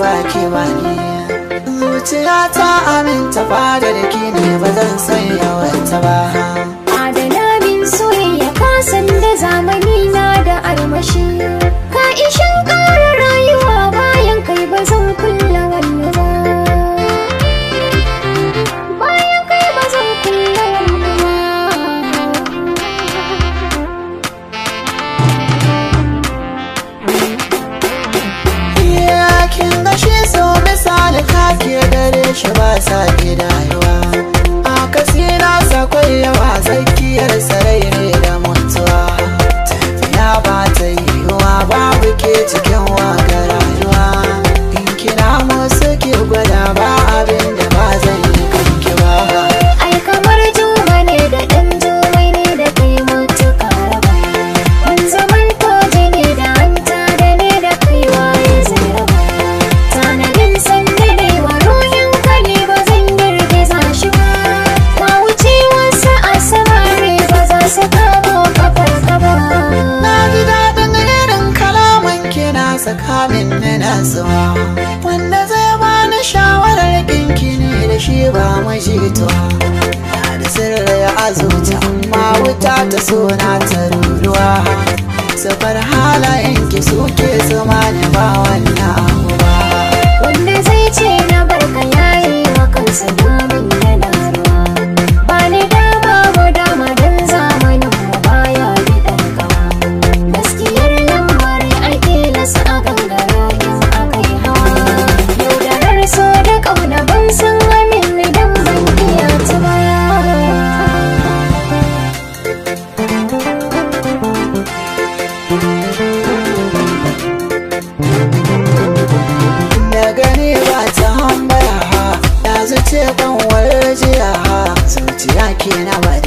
baki bani zuciya ta aminta fada da ki ne ba zan san yawanta ba adana min soyayya ka san da zamani na da armashi ka ishin shi ba sa gidayewa a kasi nasa kwai yawa tsakiyar sarai amin na wanda zai bani shawarar ginki ne da shi ba majituwa na da sirri a azuta amma wuta ta sona ta ruruwa safar halayen ki suke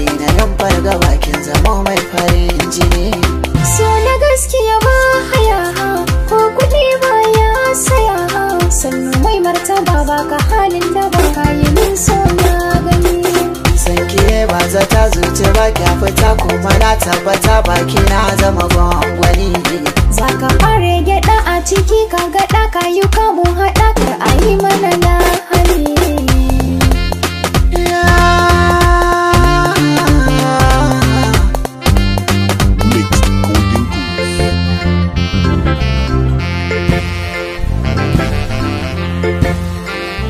Na yin fargaba bakin zama mai farin jini so na gaskiya ba haya ko kuɗi ba ya saya sannu mai martaba ba ka halin da ba ka yi min so na gani sanki ba zata zuce ba kya fita kuma na tabbata baki na zama gwangwani zaka fara gyaɗa a ciki ka ga ka yi kamun haɗa kar a yi mana na